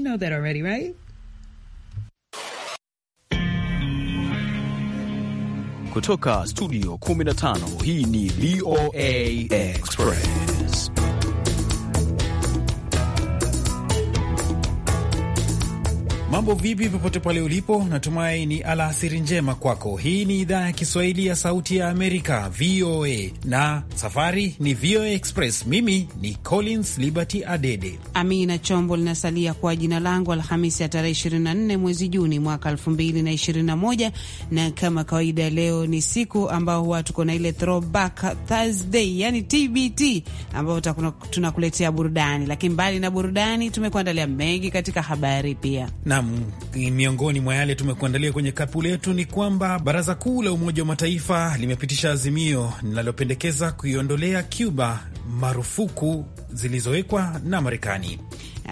You know that already, right? Kutoka studio 15 hii ni VOA Express. Mambo vipi, popote pale ulipo, natumai ni alasiri njema kwako. Hii ni idhaa ya Kiswahili ya Sauti ya Amerika, VOA, na safari ni VOA Express. Mimi ni Collins Liberty Adede. Amina Chombo linasalia kwa jina langu, Alhamisi ya tarehe 24 mwezi Juni mwaka 2021, na kama kawaida, leo ni siku ambao huwa tuko na ile throwback Thursday, yani TBT, ambayo tunakuletea burudani. Lakini mbali na burudani, tumekuandalia mengi katika habari pia na Naam, miongoni mwa yale tumekuandalia kwenye kapu letu ni kwamba Baraza Kuu la Umoja wa Mataifa limepitisha azimio linalopendekeza kuiondolea Cuba marufuku zilizowekwa na Marekani.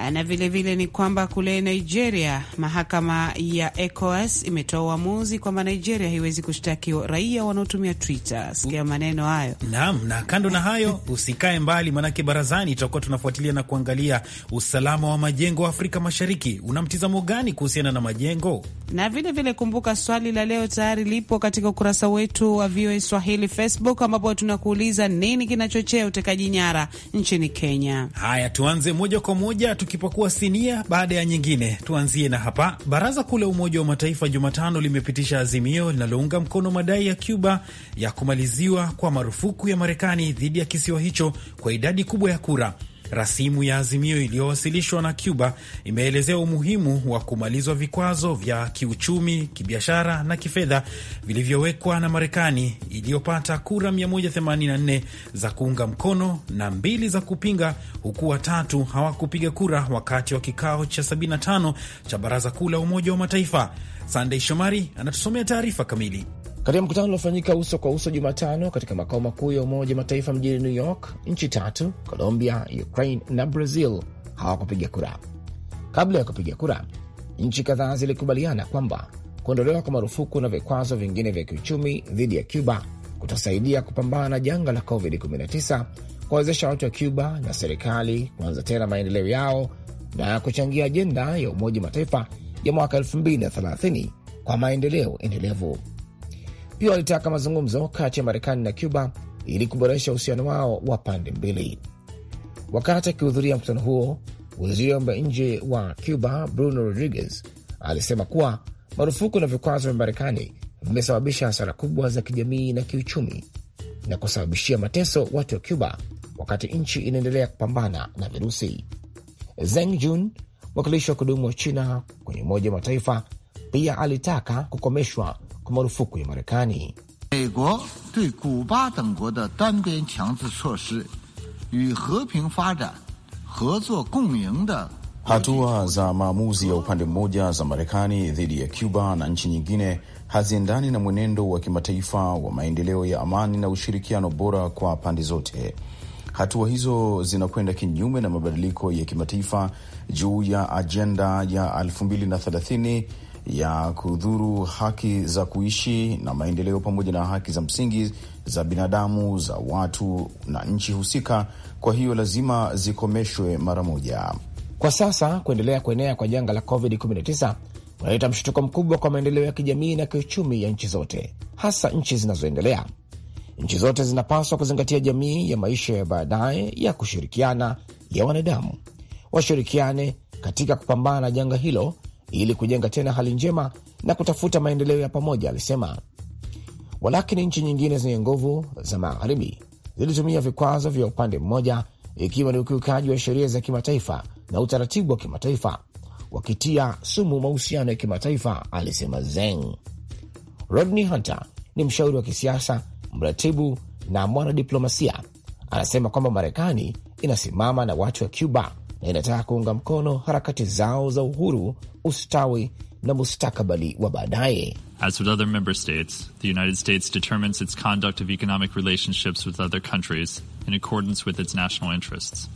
Eh, na vilevile vile ni kwamba kule Nigeria mahakama ya ECOWAS imetoa uamuzi kwamba Nigeria haiwezi kushtaki raia wanaotumia Twitter. Sikia maneno hayo. Naam, na kando na hayo usikae mbali, manake barazani tutakuwa tunafuatilia na kuangalia usalama wa majengo Afrika Mashariki. Una mtizamo gani kuhusiana na majengo? Na vilevile vile kumbuka, swali la leo tayari lipo katika ukurasa wetu wa VOA Swahili Facebook, ambapo tunakuuliza nini kinachochea utekaji nyara nchini Kenya. Haya, tuanze moja kwa moja tukipakua sinia baada ya nyingine. Tuanzie na hapa. Baraza Kuu la Umoja wa Mataifa Jumatano limepitisha azimio linalounga mkono madai ya Cuba ya kumaliziwa kwa marufuku ya Marekani dhidi ya kisiwa hicho kwa idadi kubwa ya kura Rasimu ya azimio iliyowasilishwa na Cuba imeelezea umuhimu wa kumalizwa vikwazo vya kiuchumi, kibiashara na kifedha vilivyowekwa na Marekani iliyopata kura 184 za kuunga mkono na mbili za kupinga, huku watatu hawakupiga kura wakati wa kikao cha 75 cha Baraza Kuu la Umoja wa Mataifa. Sandei Shomari anatusomea taarifa kamili. Katika mkutano uliofanyika uso kwa uso Jumatano katika makao makuu ya Umoja Mataifa mjini New York, nchi tatu Colombia, Ukraine na Brazil hawakupiga kura. Kabla ya kupiga kura, nchi kadhaa zilikubaliana kwamba kuondolewa kwa marufuku na vikwazo vingine vya kiuchumi dhidi ya Cuba kutasaidia kupambana na janga la COVID-19, kuwawezesha watu wa Cuba na serikali kuanza tena maendeleo yao na kuchangia ajenda ya Umoja Mataifa ya mwaka 2030 kwa maendeleo endelevu. Pia walitaka mazungumzo kati ya Marekani na Cuba ili kuboresha uhusiano wao wa pande mbili. Wakati akihudhuria mkutano huo, waziri wa mambo ya nje wa Cuba Bruno Rodriguez alisema kuwa marufuku na vikwazo vya Marekani vimesababisha hasara kubwa za kijamii na kiuchumi na kusababishia mateso watu wa Cuba wakati nchi inaendelea kupambana na virusi. Zeng Jun, mwakilishi wa kudumu wa China kwenye Umoja wa Mataifa, pia alitaka kukomeshwa kwa marufuku ya Marekani. Hatua za maamuzi ya upande mmoja za Marekani dhidi ya Cuba na nchi nyingine haziendani na mwenendo wa kimataifa wa maendeleo ya amani na ushirikiano bora kwa pande zote. Hatua hizo zinakwenda kinyume na mabadiliko ya kimataifa juu ya ajenda ya 2030 ya kudhuru haki za kuishi na maendeleo pamoja na haki za msingi za binadamu za watu na nchi husika. Kwa hiyo lazima zikomeshwe mara moja. Kwa sasa kuendelea kuenea kwa janga la COVID-19 kunaleta mshtuko mkubwa kwa maendeleo ya kijamii na kiuchumi ya nchi zote, hasa nchi zinazoendelea. Nchi zote zinapaswa kuzingatia jamii ya maisha ya baadaye ya kushirikiana ya wanadamu, washirikiane katika kupambana na janga hilo ili kujenga tena hali njema na kutafuta maendeleo ya pamoja, alisema. Walakini nchi nyingine zenye nguvu za magharibi zilitumia vikwazo vya upande mmoja, ikiwa ni ukiukaji wa sheria za kimataifa na utaratibu wa kimataifa, wakitia sumu mahusiano ya kimataifa, alisema Zeng. Rodney Hunter ni mshauri wa kisiasa, mratibu na mwanadiplomasia, anasema kwamba Marekani inasimama na watu wa Cuba na inataka kuunga mkono harakati zao za uhuru, ustawi na mustakabali wa baadaye. As with other member states, the United States determines its conduct of economic relationships with other countries in accordance with its national interests.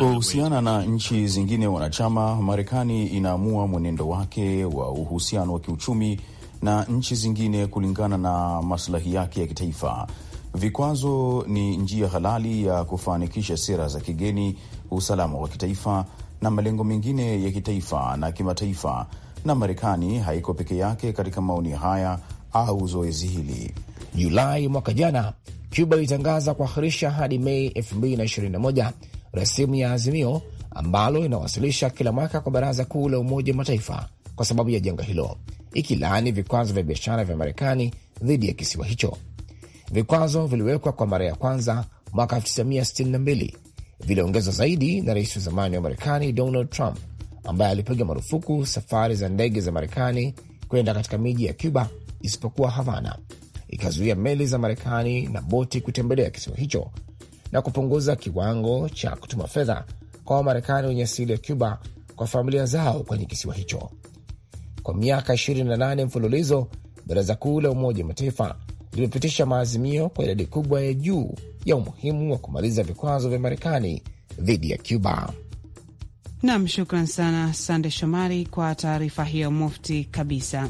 Kuhusiana na nchi zingine wanachama, Marekani inaamua mwenendo wake wa uhusiano wa kiuchumi na nchi zingine kulingana na maslahi yake ya kitaifa. Vikwazo ni njia halali ya kufanikisha sera za kigeni, usalama wa kitaifa na malengo mengine ya kitaifa na kimataifa, na Marekani haiko peke yake katika maoni haya au zoezi hili. Julai mwaka jana Cuba ilitangaza kuahirisha hadi Mei 2021 rasimu ya azimio ambalo inawasilisha kila mwaka kwa Baraza Kuu la Umoja wa Mataifa kwa sababu ya janga hilo, ikilaani vikwazo vya biashara vya Marekani dhidi ya kisiwa hicho. Vikwazo viliwekwa kwa mara ya kwanza mwaka 1962, viliongezwa zaidi na rais wa zamani wa Marekani Donald Trump ambaye alipiga marufuku safari za ndege za Marekani kwenda katika miji ya Cuba isipokuwa Havana, ikazuia meli za Marekani na boti kutembelea kisiwa hicho na kupunguza kiwango cha kutuma fedha kwa Wamarekani wenye asili ya Cuba kwa familia zao kwenye kisiwa hicho. Kwa miaka 28 mfululizo, Baraza Kuu la Umoja wa Mataifa limepitisha maazimio kwa idadi kubwa ya juu ya umuhimu wa kumaliza vikwazo vya Marekani dhidi ya Cuba. Nam, shukran sana Sande Shomari kwa taarifa hiyo mufti kabisa.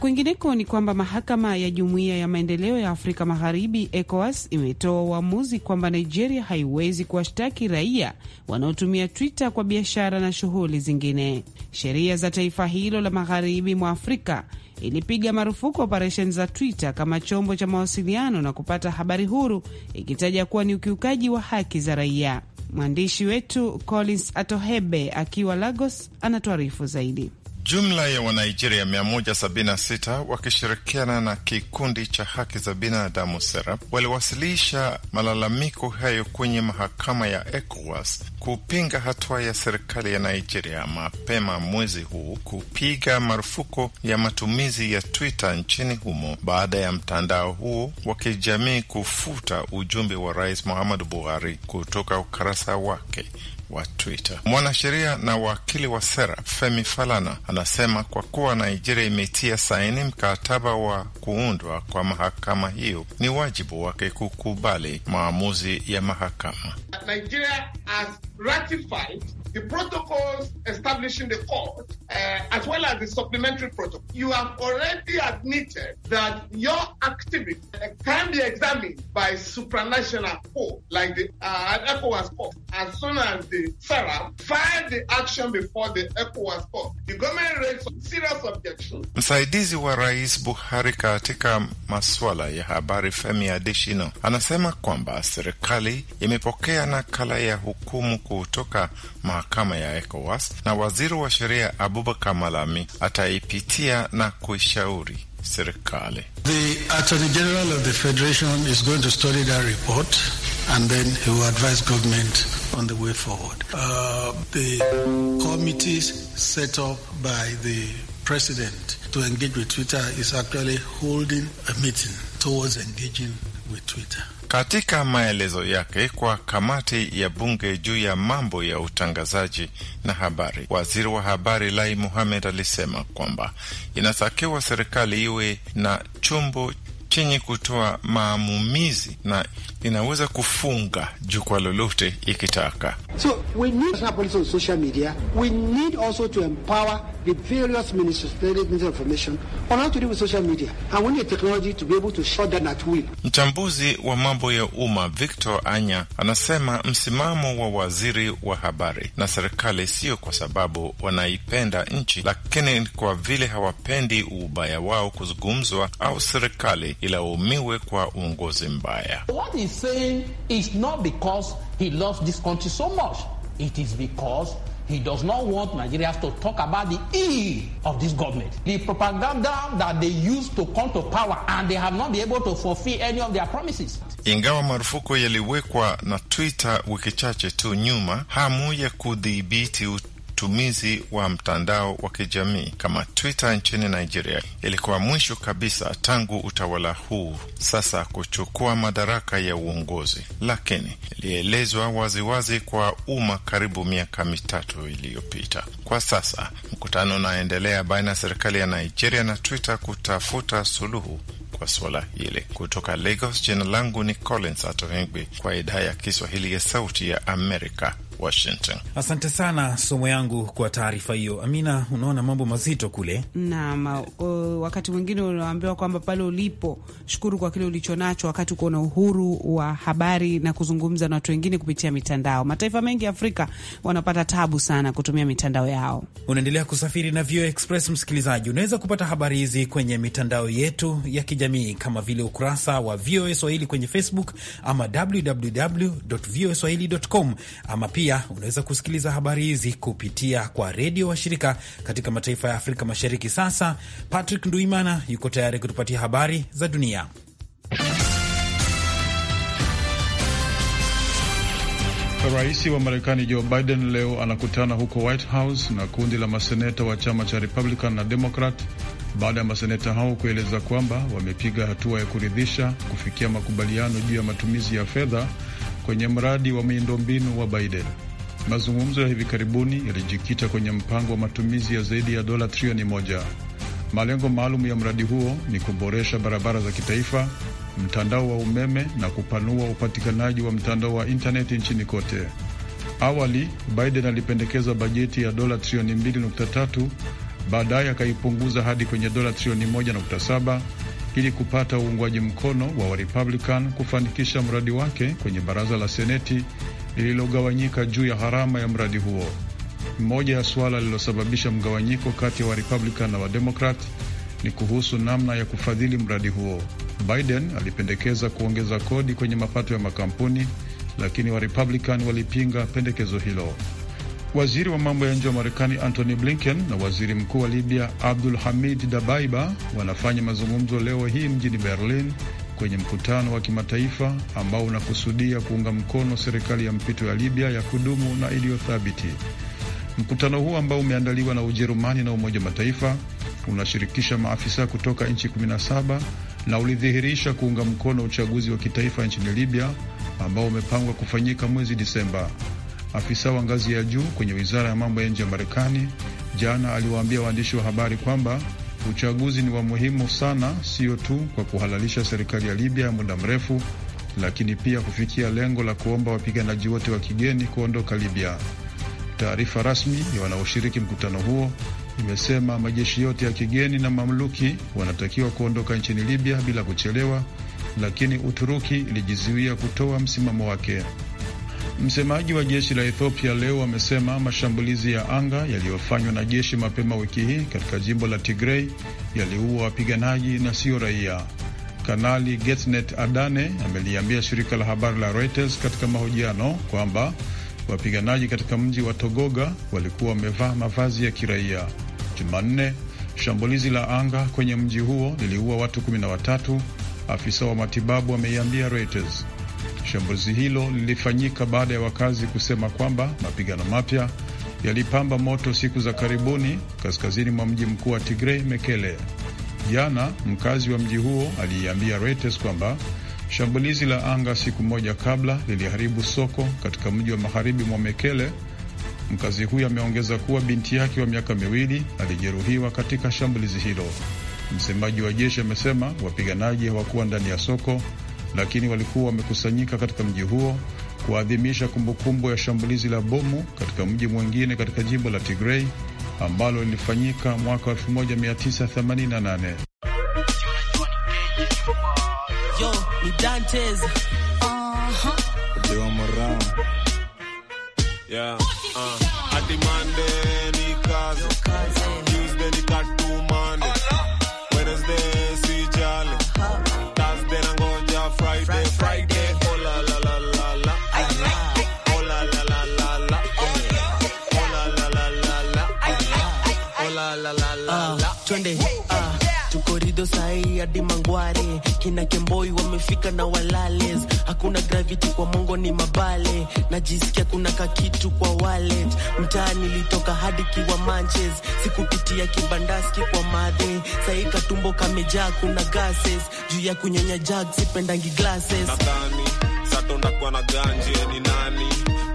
Kwingineko ni kwamba mahakama ya jumuiya ya maendeleo ya Afrika Magharibi ECOWAS imetoa uamuzi kwamba Nigeria haiwezi kuwashtaki raia wanaotumia Twitter kwa biashara na shughuli zingine. Sheria za taifa hilo la magharibi mwa Afrika ilipiga marufuku operesheni za Twitter kama chombo cha mawasiliano na kupata habari huru, ikitaja kuwa ni ukiukaji wa haki za raia. Mwandishi wetu Collins Atohebe akiwa Lagos anatuarifu zaidi. Jumla ya Wanigeria 176 wakishirikiana na kikundi cha haki za binadamu SERAP waliwasilisha malalamiko hayo kwenye mahakama ya ECOWAS kupinga hatua ya serikali ya Nigeria mapema mwezi huu kupiga marufuku ya matumizi ya Twitter nchini humo baada ya mtandao huo wa kijamii kufuta ujumbe wa Rais Muhammadu Buhari kutoka ukurasa wake wa Twitter. Mwanasheria na wakili wa sera Femi Falana anasema kwa kuwa Nigeria imetia saini mkataba wa kuundwa kwa mahakama hiyo, ni wajibu wake kukubali maamuzi ya mahakama. Nigeria has ratified the protocols establishing the court, uh, as well as the supplementary protocol. You have already admitted that your activity can be examined by supranational court, like the, uh, ECOWAS court, as soon as the the FARA filed the action before the ECOWAS court. The government raised some serious objections. Msaidizi wa Rais Buhari katika masuala ya habari Femi Adesina anasema kwamba serikali imepokea nakala ya hukumu kutoka mahakama ya ECOWAS na waziri wa sheria Abubakar Malami ataipitia na kuishauri serikali. The Attorney General of the Federation is going to study that report and then he will advise government on the way forward. Uh, the committees set up by the president to engage with Twitter is actually holding a meeting towards engaging with Twitter. Katika maelezo yake kwa kamati ya bunge juu ya mambo ya utangazaji na habari, waziri wa habari Lai muhamed alisema kwamba inatakiwa serikali iwe na chombo chenye kutoa maamumizi na inaweza kufunga jukwaa lolote ikitaka. So we need on social media. We need also to empower the various information on how to deal with social media. And we need technology to be able to shut down at will. Mchambuzi wa mambo ya umma Victor Anya anasema msimamo wa waziri wa habari na serikali sio kwa sababu wanaipenda nchi, lakini kwa vile hawapendi ubaya wao kuzungumzwa au serikali ilaumiwe kwa uongozi mbaya. What is is saying is not because he loves this country so much. It is because he does not want Nigerians to talk about the ill of this government. The propaganda that they use to come to power and they have not been able to fulfill any of their promises. Ingawa marufuku yaliwekwa na Twitter wiki chache tu nyuma, hamu ya kudhibiti utumizi wa mtandao wa kijamii kama Twitter nchini Nigeria ilikuwa mwisho kabisa tangu utawala huu sasa kuchukua madaraka ya uongozi, lakini ilielezwa waziwazi kwa umma karibu miaka mitatu iliyopita. Kwa sasa mkutano unaendelea baina ya serikali ya Nigeria na Twitter kutafuta suluhu kwa suala hili. Kutoka Lagos, jina langu ni Collins Atohengwi kwa idhaa ya Kiswahili ya Sauti ya Amerika. Washington. Asante sana somo yangu kwa taarifa hiyo. Amina, unaona mambo mazito kule. Naam, wakati mwingine unaambiwa kwamba pale ulipo, shukuru kwa kile ulichonacho, wakati uko na uhuru wa habari na kuzungumza na watu wengine kupitia mitandao. Mataifa mengi ya Afrika wanapata tabu sana kutumia mitandao yao. Unaendelea kusafiri na VOA Express, msikilizaji, unaweza kupata habari hizi kwenye mitandao yetu ya kijamii kama vile ukurasa wa VOA Swahili kwenye Facebook ama www.voaswahili.com ama pia pia unaweza kusikiliza habari hizi kupitia kwa redio wa shirika katika mataifa ya Afrika Mashariki. Sasa Patrick Nduimana yuko tayari kutupatia habari za dunia. Rais wa Marekani Joe Biden leo anakutana huko White House na kundi la maseneta wa chama cha Republican na Democrat baada ya maseneta hao kueleza kwamba wamepiga hatua ya kuridhisha kufikia makubaliano juu ya matumizi ya fedha kwenye mradi wa miundombinu wa Biden. Mazungumzo ya hivi karibuni yalijikita kwenye mpango wa matumizi ya zaidi ya dola trilioni moja. Malengo maalum ya mradi huo ni kuboresha barabara za kitaifa, mtandao wa umeme na kupanua upatikanaji wa mtandao wa intaneti nchini kote. Awali Biden alipendekeza bajeti ya dola trilioni 2.3, baadaye akaipunguza hadi kwenye dola trilioni 1.7 ili kupata uungwaji mkono wa Warepublican kufanikisha mradi wake kwenye baraza la Seneti lililogawanyika juu ya gharama ya mradi huo. Mmoja ya suala lililosababisha mgawanyiko kati ya Warepublican na Wademokrat ni kuhusu namna ya kufadhili mradi huo. Biden alipendekeza kuongeza kodi kwenye mapato ya makampuni, lakini Warepublican walipinga pendekezo hilo. Waziri wa mambo ya nje wa Marekani Antony Blinken na waziri mkuu wa Libya Abdul Hamid Dabaiba wanafanya mazungumzo leo hii mjini Berlin kwenye mkutano wa kimataifa ambao unakusudia kuunga mkono serikali ya mpito ya Libya ya kudumu na iliyothabiti. Mkutano huo ambao umeandaliwa na Ujerumani na Umoja Mataifa unashirikisha maafisa kutoka nchi 17 na ulidhihirisha kuunga mkono uchaguzi wa kitaifa nchini Libya ambao umepangwa kufanyika mwezi Disemba. Afisa wa ngazi ya juu kwenye wizara ya mambo ya nje ya Marekani jana aliwaambia waandishi wa habari kwamba uchaguzi ni wa muhimu sana, sio tu kwa kuhalalisha serikali ya Libya ya muda mrefu, lakini pia kufikia lengo la kuomba wapiganaji wote wa kigeni kuondoka Libya. Taarifa rasmi ya wanaoshiriki mkutano huo imesema majeshi yote ya kigeni na mamluki wanatakiwa kuondoka nchini Libya bila kuchelewa, lakini Uturuki ilijizuia kutoa msimamo wake. Msemaji wa jeshi la Ethiopia leo amesema mashambulizi ya anga yaliyofanywa na jeshi mapema wiki hii katika jimbo la Tigrei yaliua wapiganaji na sio raia. Kanali Getnet Adane ameliambia shirika la habari la Reuters katika mahojiano kwamba wapiganaji katika mji wa Togoga walikuwa wamevaa mavazi ya kiraia. Jumanne, shambulizi la anga kwenye mji huo liliua watu 1 watatu, afisa wa matibabu ameiambia Reuters. Shambulizi hilo lilifanyika baada ya wakazi kusema kwamba mapigano mapya yalipamba moto siku za karibuni kaskazini mwa mji mkuu wa Tigrei, Mekele. Jana mkazi wa mji huo aliiambia Reuters kwamba shambulizi la anga siku moja kabla liliharibu soko katika mji wa magharibi mwa Mekele. Mkazi huyo ameongeza kuwa binti yake wa miaka miwili alijeruhiwa katika shambulizi hilo. Msemaji wa jeshi amesema wapiganaji hawakuwa ndani ya soko lakini walikuwa wamekusanyika katika mji huo kuadhimisha kumbukumbu ya shambulizi la bomu katika mji mwingine katika jimbo la Tigray ambalo lilifanyika mwaka 1988. Yo, uh-huh. uh twende uh, ah, tukorido sai hadi Mangware, kina Kemboi wamefika na walales. Hakuna gravity kwa mongo ni mabale, najisikia kuna kakitu kwa wallet. Mtaa litoka hadi kiwa manches, sikupitia kibandaski kwa madhe. Sahi katumbo kamejaa, kuna gases juu ya kunyanya jag, sipendangi glasses nadhani satonda kwa na ganje ni nani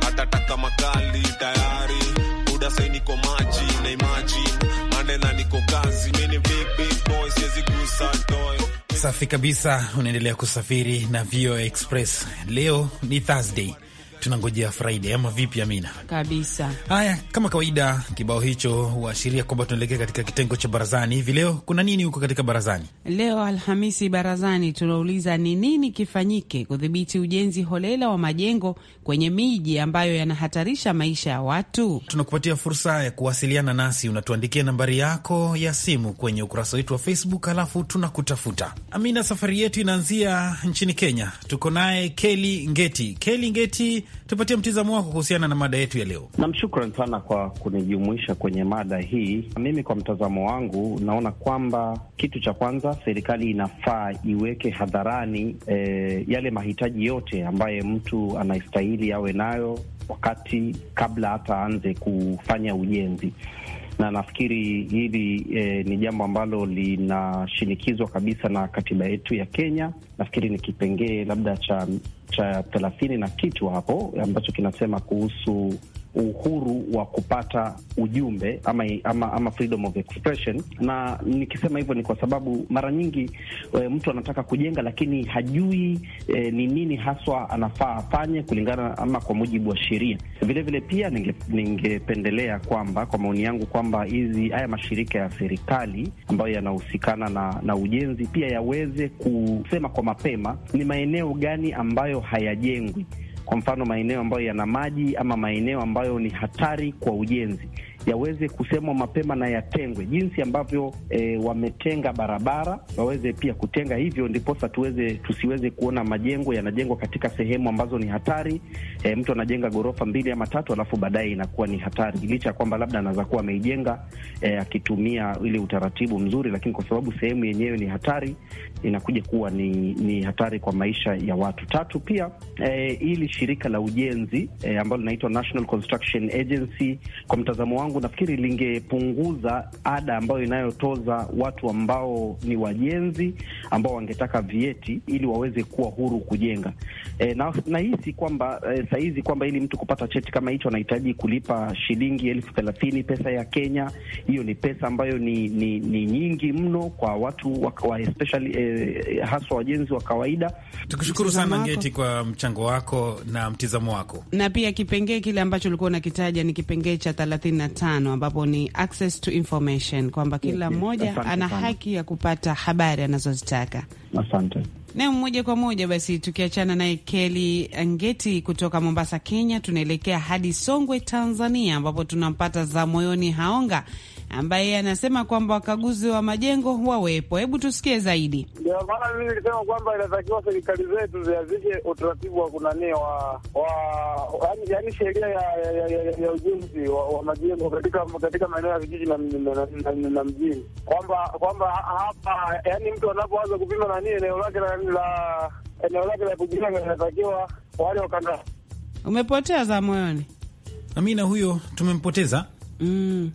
atataka makali tayari shida sai niko maji na imagine manena niko kazi mini big big boy siwezi gusa toy. Safi kabisa, unaendelea kusafiri na VOA Express. Leo ni Thursday tunangojea Friday ama vipi, Amina? Kabisa. Haya, kama kawaida, kibao hicho huashiria kwamba tunaelekea katika kitengo cha barazani. Hivi leo kuna nini huko katika barazani? Leo Alhamisi barazani tunauliza ni nini kifanyike kudhibiti ujenzi holela wa majengo kwenye miji ambayo yanahatarisha maisha ya watu? Tunakupatia fursa ya kuwasiliana nasi, unatuandikia nambari yako ya simu kwenye ukurasa wetu wa Facebook alafu tunakutafuta. Amina, safari yetu inaanzia nchini Kenya. Tuko naye Keli Ngeti. Keli Ngeti tupatie mtizamo wako kuhusiana na mada yetu ya leo. Nam, sana kwa kunijumuisha kwenye mada hii. Mimi kwa mtazamo wangu naona kwamba kitu cha kwanza serikali inafaa iweke hadharani e, yale mahitaji yote ambaye mtu anastahili awe nayo wakati kabla hata aanze kufanya ujenzi na nafikiri hili eh, ni jambo ambalo linashinikizwa kabisa na katiba yetu ya Kenya. Nafikiri ni kipengee labda cha cha thelathini na kitu hapo ambacho kinasema kuhusu uhuru wa kupata ujumbe ama, ama, ama freedom of expression. Na nikisema hivyo ni kwa sababu mara nyingi e, mtu anataka kujenga lakini hajui e, ni nini haswa anafaa afanye kulingana ama kwa mujibu wa sheria. Vilevile pia ningependelea ninge kwamba kwa maoni yangu kwamba hizi haya mashirika ya serikali ambayo yanahusikana na, na ujenzi pia yaweze kusema kwa mapema ni maeneo gani ambayo hayajengwi kwa mfano maeneo ambayo yana maji ama maeneo ambayo ni hatari kwa ujenzi yaweze kusemwa mapema na yatengwe, jinsi ambavyo e, wametenga barabara waweze pia kutenga hivyo, ndiposa tuweze tusiweze kuona majengo yanajengwa katika sehemu ambazo ni hatari. E, mtu anajenga ghorofa mbili ama tatu, alafu baadaye inakuwa ni hatari, licha ya kwamba labda anaweza kuwa ameijenga e, akitumia ile utaratibu mzuri, lakini kwa sababu sehemu yenyewe ni hatari, inakuja kuwa ni, ni hatari kwa maisha ya watu. Tatu pia e, ili shirika la ujenzi e, ambalo linaitwa National Construction Agency, kwa mtazamo wangu kwangu nafikiri lingepunguza ada ambayo inayotoza watu ambao ni wajenzi ambao wangetaka vieti ili waweze kuwa huru kujenga. E, na nahisi kwamba e, eh, sahizi kwamba ili mtu kupata cheti kama hicho anahitaji kulipa shilingi elfu thelathini pesa ya Kenya. Hiyo ni pesa ambayo ni, ni, ni nyingi mno kwa watu wa especially e, haswa wajenzi wa kawaida. Tukushukuru sana Ngeti kwa mchango wako na mtizamo wako, na pia kipengee kile ambacho ulikuwa unakitaja ni kipengee cha thelathini na tano ambapo ni access to information kwamba kila mmoja ana haki ya kupata habari anazozitaka. Asante. Na moja kwa moja basi tukiachana naye Keli Angeti kutoka Mombasa, Kenya, tunaelekea hadi Songwe, Tanzania, ambapo tunampata za moyoni Haonga ambaye anasema kwamba wakaguzi wa majengo wawepo. Hebu tusikie zaidi. Ndio maana mimi nilisema kwamba inatakiwa serikali zetu zianzishe utaratibu wa kunani wa yani sheria ya ujenzi wa majengo katika maeneo ya vijiji na mjini, kwamba kwamba hapa yani mtu anapoanza kupima nani eneo lake la eneo lake la kujenga inatakiwa wale wakanda. Umepotea moyoni Amina, huyo tumempoteza Mm,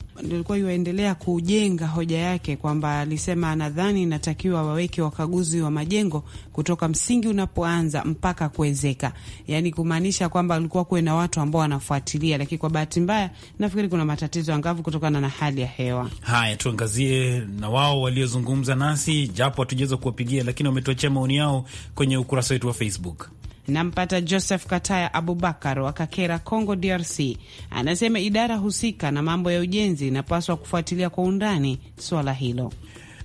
iwaendelea kujenga hoja yake kwamba alisema nadhani inatakiwa waweke wakaguzi wa majengo kutoka msingi unapoanza mpaka kuwezeka, yaani kumaanisha kwamba alikuwa kuwe na watu ambao wanafuatilia, lakini kwa bahati mbaya nafikiri kuna matatizo angavu kutokana na hali ya hewa. Haya, tuangazie na wao waliozungumza nasi, japo hatujaweza kuwapigia, lakini wametuachia maoni yao kwenye ukurasa wetu wa Facebook. Nampata Joseph Kataya Abubakar wa Kakera, Congo DRC, anasema idara husika na mambo ya ujenzi inapaswa kufuatilia kwa undani swala hilo.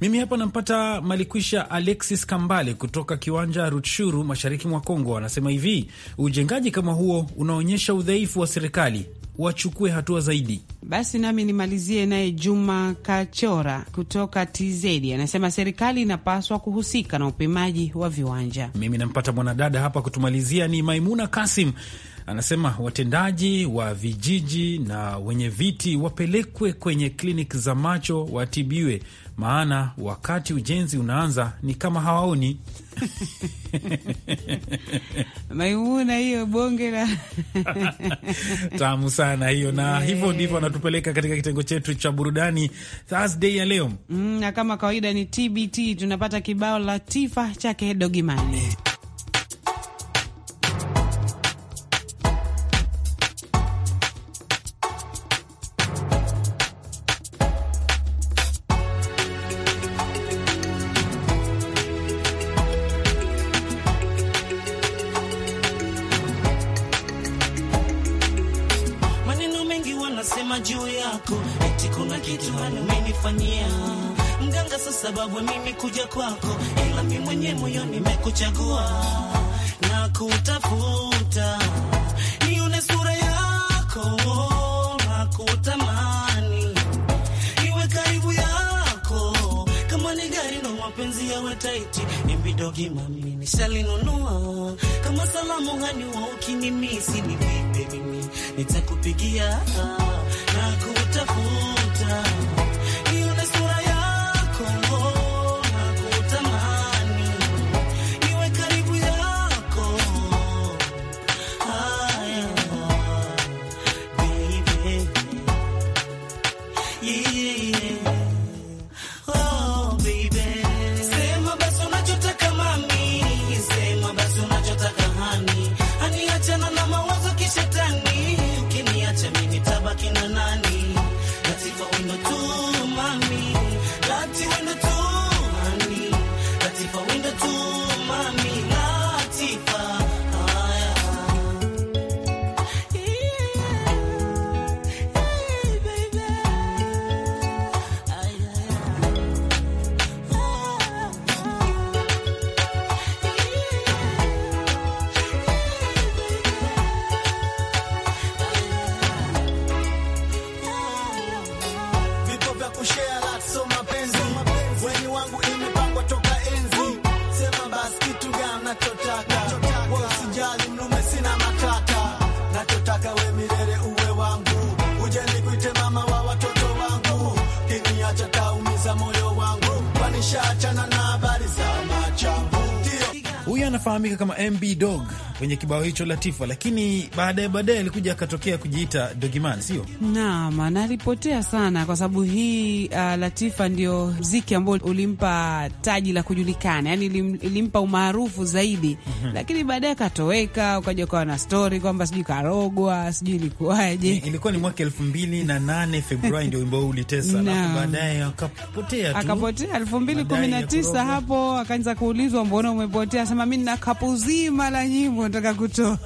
Mimi hapa nampata Malikwisha Alexis Kambale kutoka kiwanja Rutshuru, mashariki mwa Kongo, anasema hivi: ujengaji kama huo unaonyesha udhaifu wa serikali wachukue hatua zaidi. Basi nami nimalizie naye Juma Kachora kutoka TZ anasema serikali inapaswa kuhusika na upimaji wa viwanja. Mimi nampata mwanadada hapa kutumalizia ni Maimuna Kasim anasema watendaji wa vijiji na wenye viti wapelekwe kwenye kliniki za macho watibiwe maana wakati ujenzi unaanza ni kama hawaoni. Maimuna, hiyo bonge la tamu sana hiyo, na yeah. Hivyo ndivyo anatupeleka katika kitengo chetu cha burudani Thursday ya leo mm, na kama kawaida ni TBT tunapata kibao la Tifa chake Dogimani. wanasema juu yako, eti kuna kitu umenifanyia mganga, si sababu mimi kuja kwako, ila mi mwenye moyo nimekuchagua na kutafuta, nione sura yako na kutamani iwe karibu yako, kama ni gari na mapenzi yawe taiti, imbidogi mami nishalinunua. Kama salamu hani wa ukinimisi nivipe mimi, nitakupigia na kutafuta anafahamika kama MB Dog kwenye kibao hicho Latifa, lakini baadaye baadaye alikuja akatokea kujiita Dogiman, sio naam? Nalipotea sana kwa sababu hii uh, Latifa ndio mziki ambao ulimpa taji la kujulikana, yani ilimpa umaarufu zaidi mhm. lakini baadaye akatoweka, ukaja ukawa na stori kwamba sijui karogwa, sijui ilikuwaje. Ilikuwa ni mwaka elfu mbili na nane Februari ndio wimbo huu ulitesa, alafu baadaye akapotea tu, akapotea elfu mbili kumi na tisa hapo akaanza kuulizwa mbona umepotea, sema mi nina kapu zima la nyimbo unataka kutoa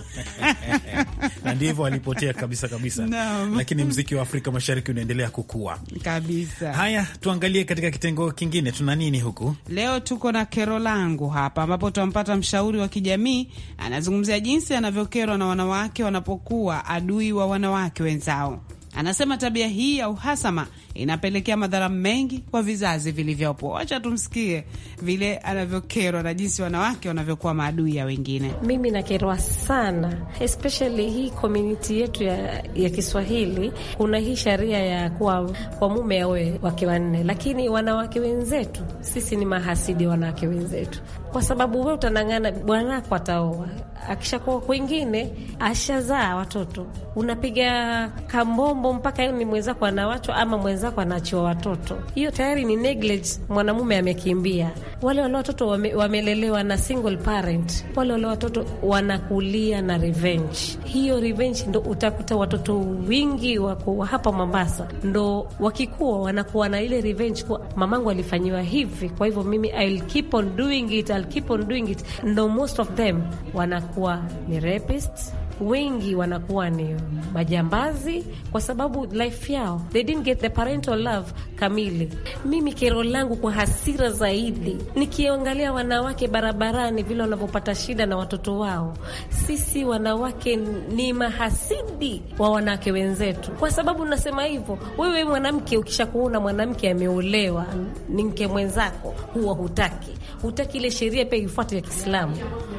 ndivyo alipotea kabisa kabisa no. Lakini mziki wa Afrika Mashariki unaendelea kukua kabisa. Haya, tuangalie katika kitengo kingine, tuna nini huku leo? Tuko na kero langu hapa, ambapo tunampata mshauri wa kijamii, anazungumzia jinsi anavyokerwa na wanawake wanapokuwa adui wa wanawake wenzao. Anasema tabia hii ya uhasama inapelekea madhara mengi kwa vizazi vilivyopo. Wacha tumsikie vile anavyokerwa na jinsi wanawake wanavyokuwa maadui ya wengine. Mimi nakerwa sana, especially hii komuniti yetu ya, ya Kiswahili. Kuna hii sheria ya kuwa kwa mume awe wake wanne, lakini wanawake wenzetu sisi ni mahasidi wanawake wenzetu, kwa sababu we utanang'ana, bwanako ataoa akishakuwa kwingine, ashazaa watoto, unapiga kambombo mpaka ni mwenzako anawachwa ama mwenzako zako anaachiwa watoto, hiyo tayari ni neglect. Mwanamume amekimbia. Wale wale watoto wame, wamelelewa na single parent, wale wale watoto wanakulia na revenge. Hiyo revenge ndo utakuta watoto wingi wako hapa Mombasa, ndo wakikuwa wanakuwa na ile revenge kuwa mamangu alifanyiwa hivi, kwa hivyo mimi I'll keep on doing it, I'll keep on doing it. Ndo most of them wanakuwa ni rapists wengi wanakuwa ni majambazi kwa sababu life yao they didn't get the parental love kamili. Mimi kero langu kwa hasira zaidi nikiangalia wanawake barabarani vile wanavyopata shida na watoto wao. Sisi wanawake ni mahasidi wa wanawake wenzetu. Kwa sababu nasema hivyo, wewe mwanamke ukishakuona mwanamke ameolewa ni mke mwenzako, huwa hutaki hutaki ile sheria pia ifuate ya Kiislamu,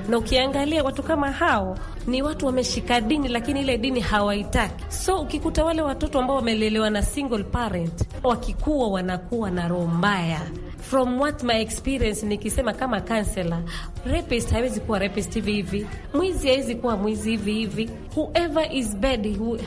na ukiangalia watu kama hao ni watu wameshika dini, lakini ile dini hawaitaki. So ukikuta wale watoto ambao wamelelewa na single parent, wakikuwa wanakuwa na roho mbaya. From what my experience, nikisema kama counselor, rapist hawezi kuwa rapist hivi hivi, mwizi hawezi kuwa mwizi hivi hivi whoever is bad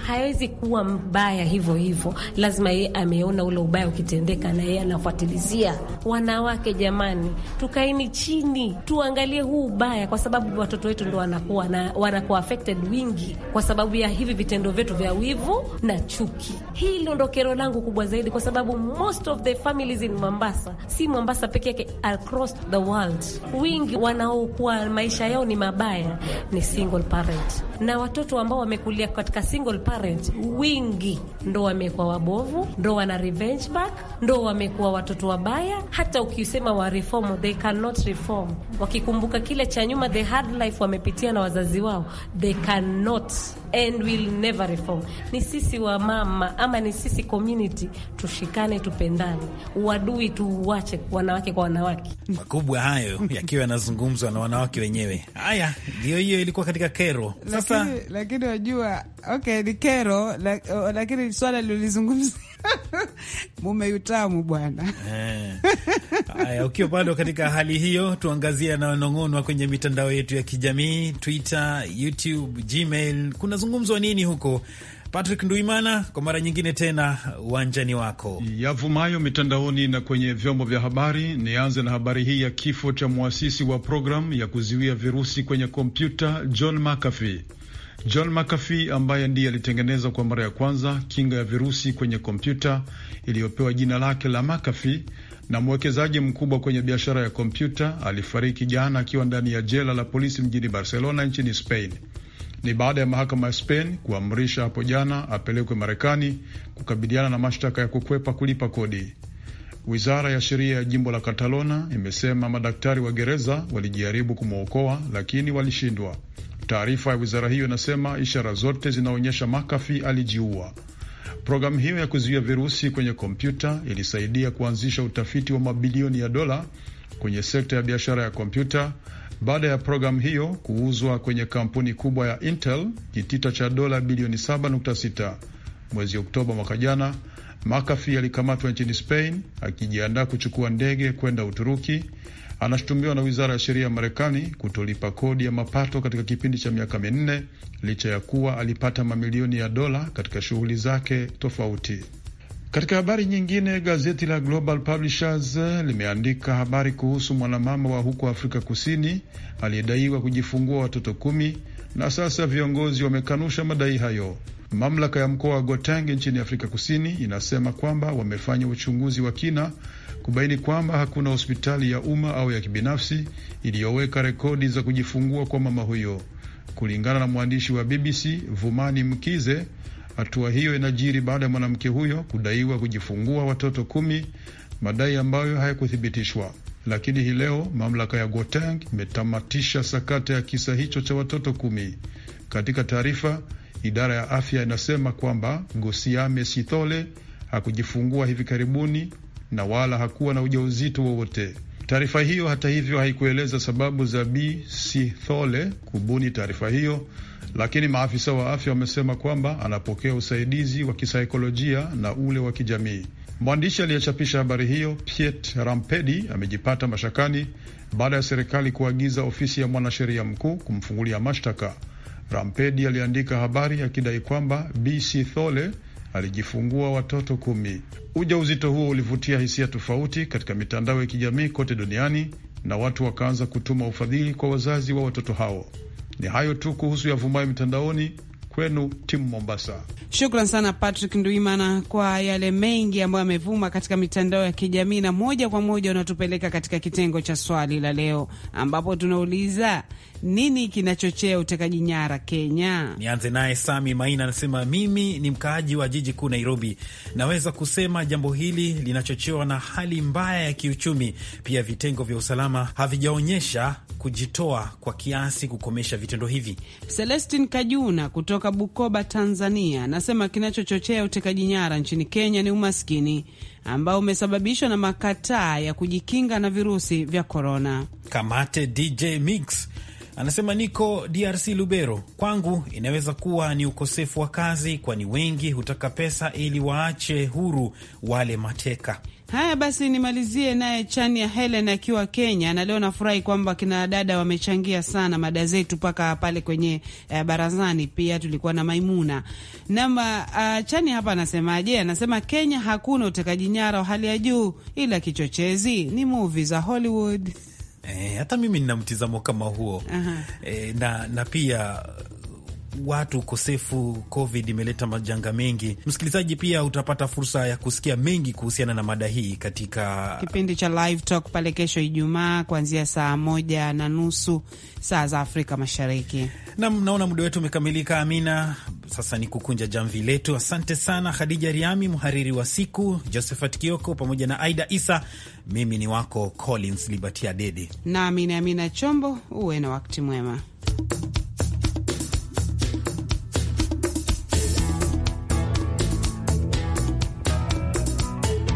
hawezi kuwa mbaya hivyo hivyo, lazima yeye ameona ule ubaya ukitendeka na yeye anafuatilizia. Wanawake jamani, tukaini chini tuangalie huu ubaya, kwa sababu watoto wetu ndo wanakuwa na wanakuwa affected wingi kwa sababu ya hivi vitendo vyetu vya wivu na chuki. Hilo ndo kero langu kubwa zaidi, kwa sababu most of the families in Mombasa, si Mombasa peke yake, across the world, wingi wanaokuwa maisha yao ni mabaya ni single parent na watoto ambao wamekulia katika single parent, wingi ndo wamekuwa wabovu, ndo wana revenge back, ndo wamekuwa watoto wabaya. Hata ukisema wa reform, they cannot reform. Wakikumbuka kile cha nyuma, the hard life wamepitia na wazazi wao, they cannot and will never reform. Ni sisi wa mama ama ni sisi community, tushikane, tupendane, uadui tuuache, wanawake kwa wanawake. Makubwa hayo yakiwa yanazungumzwa na wanawake wenyewe. Haya, ndio hiyo ilikuwa katika kero. Sasa lakini wajua, okay, ni kero, lakini swala lilizungumzia mume utamu bwana. Eh. Haya, ukiwa bado katika hali hiyo, tuangazie yanayonong'onwa kwenye mitandao yetu ya kijamii Twitter, YouTube, Gmail. Kunazungumzwa nini huko? Patrick Nduimana, kwa mara nyingine tena uwanjani wako. Yavumayo mitandaoni na kwenye vyombo vya habari. Nianze na habari hii ya kifo cha mwasisi wa programu ya kuzuia virusi kwenye kompyuta John McAfee. John McAfee ambaye ndiye alitengeneza kwa mara ya kwanza kinga ya virusi kwenye kompyuta iliyopewa jina lake la McAfee na mwekezaji mkubwa kwenye biashara ya kompyuta alifariki jana akiwa ndani ya jela la polisi mjini Barcelona nchini Spain. Ni baada ya mahakama ya Spain kuamrisha hapo jana apelekwe Marekani kukabiliana na mashtaka ya kukwepa kulipa kodi. Wizara ya sheria ya jimbo la Katalona imesema madaktari wa gereza walijaribu kumwokoa lakini walishindwa. Taarifa ya wizara hiyo inasema ishara zote zinaonyesha Makafi alijiua. Programu hiyo ya kuzuia virusi kwenye kompyuta ilisaidia kuanzisha utafiti wa mabilioni ya dola kwenye sekta ya biashara ya kompyuta baada ya programu hiyo kuuzwa kwenye kampuni kubwa ya Intel kitita cha dola bilioni 7.6 mwezi Oktoba mwaka jana. McAfee alikamatwa nchini Spain akijiandaa kuchukua ndege kwenda Uturuki. Anashutumiwa na wizara ya sheria ya Marekani kutolipa kodi ya mapato katika kipindi cha miaka minne licha ya kuwa alipata mamilioni ya dola katika shughuli zake tofauti. Katika habari nyingine, gazeti la Global Publishers limeandika habari kuhusu mwanamama wa huko Afrika Kusini aliyedaiwa kujifungua watoto kumi na sasa viongozi wamekanusha madai hayo. Mamlaka ya mkoa wa Goteng nchini Afrika Kusini inasema kwamba wamefanya uchunguzi wa kina kubaini kwamba hakuna hospitali ya umma au ya kibinafsi iliyoweka rekodi za kujifungua kwa mama huyo. Kulingana na mwandishi wa BBC Vumani Mkize, hatua hiyo inajiri baada ya mwanamke huyo kudaiwa kujifungua watoto kumi, madai ambayo hayakuthibitishwa. Lakini hii leo mamlaka ya Goteng imetamatisha sakata ya kisa hicho cha watoto kumi. Katika taarifa Idara ya afya inasema kwamba Gosiame Sithole hakujifungua hivi karibuni na wala hakuwa na ujauzito wowote. Taarifa hiyo hata hivyo haikueleza sababu za Bi Sithole kubuni taarifa hiyo, lakini maafisa wa afya wamesema kwamba anapokea usaidizi wa kisaikolojia na ule wa kijamii. Mwandishi aliyechapisha habari hiyo Piet Rampedi amejipata mashakani baada ya serikali kuagiza ofisi ya mwanasheria mkuu kumfungulia mashtaka. Rampedi aliandika habari akidai kwamba BC Thole alijifungua watoto kumi. Ujauzito huo ulivutia hisia tofauti katika mitandao ya kijamii kote duniani na watu wakaanza kutuma ufadhili kwa wazazi wa watoto hao. Ni hayo tu kuhusu yavumayo mitandaoni. Kwenu timu Mombasa. Shukran sana Patrick Nduimana kwa yale mengi ambayo amevuma katika mitandao ya kijamii, na moja kwa moja unatupeleka katika kitengo cha swali la leo, ambapo tunauliza nini kinachochea utekaji nyara Kenya? Nianze naye Sami Maina anasema, mimi ni mkaaji wa jiji kuu Nairobi, naweza kusema jambo hili linachochewa na hali mbaya ya kiuchumi. Pia vitengo vya usalama havijaonyesha kujitoa kwa kiasi kukomesha vitendo hivi. Celestin Kajuna kutoka kutoka Bukoba, Tanzania, anasema kinachochochea utekaji nyara nchini Kenya ni umaskini ambao umesababishwa na makataa ya kujikinga na virusi vya korona. Kamate DJ Mix anasema niko DRC Lubero, kwangu inaweza kuwa ni ukosefu wa kazi, kwani wengi hutaka pesa ili waache huru wale mateka. Haya basi, nimalizie naye chani ya Helen akiwa Kenya, na leo nafurahi kwamba kina dada wamechangia sana mada zetu mpaka pale kwenye uh, barazani. Pia tulikuwa na Maimuna nama uh, chani hapa anasemaje? Anasema Kenya hakuna utekaji nyara wa hali ya juu, ila kichochezi ni movie za Hollywood. E, hata mimi nina mtizamo kama huo e, na, na pia watu ukosefu COVID imeleta majanga mengi. Msikilizaji pia utapata fursa ya kusikia mengi kuhusiana na mada hii katika kipindi cha Live Talk pale kesho Ijumaa kuanzia saa moja na nusu saa za Afrika Mashariki. Nam, naona muda wetu umekamilika. Amina, sasa ni kukunja jamvi letu. Asante sana Khadija Riami, mhariri wa siku, Josephat Kioko pamoja na Aida Isa. Mimi ni wako Collins Libatia Dede nami ni Amina Chombo. Uwe na wakati mwema.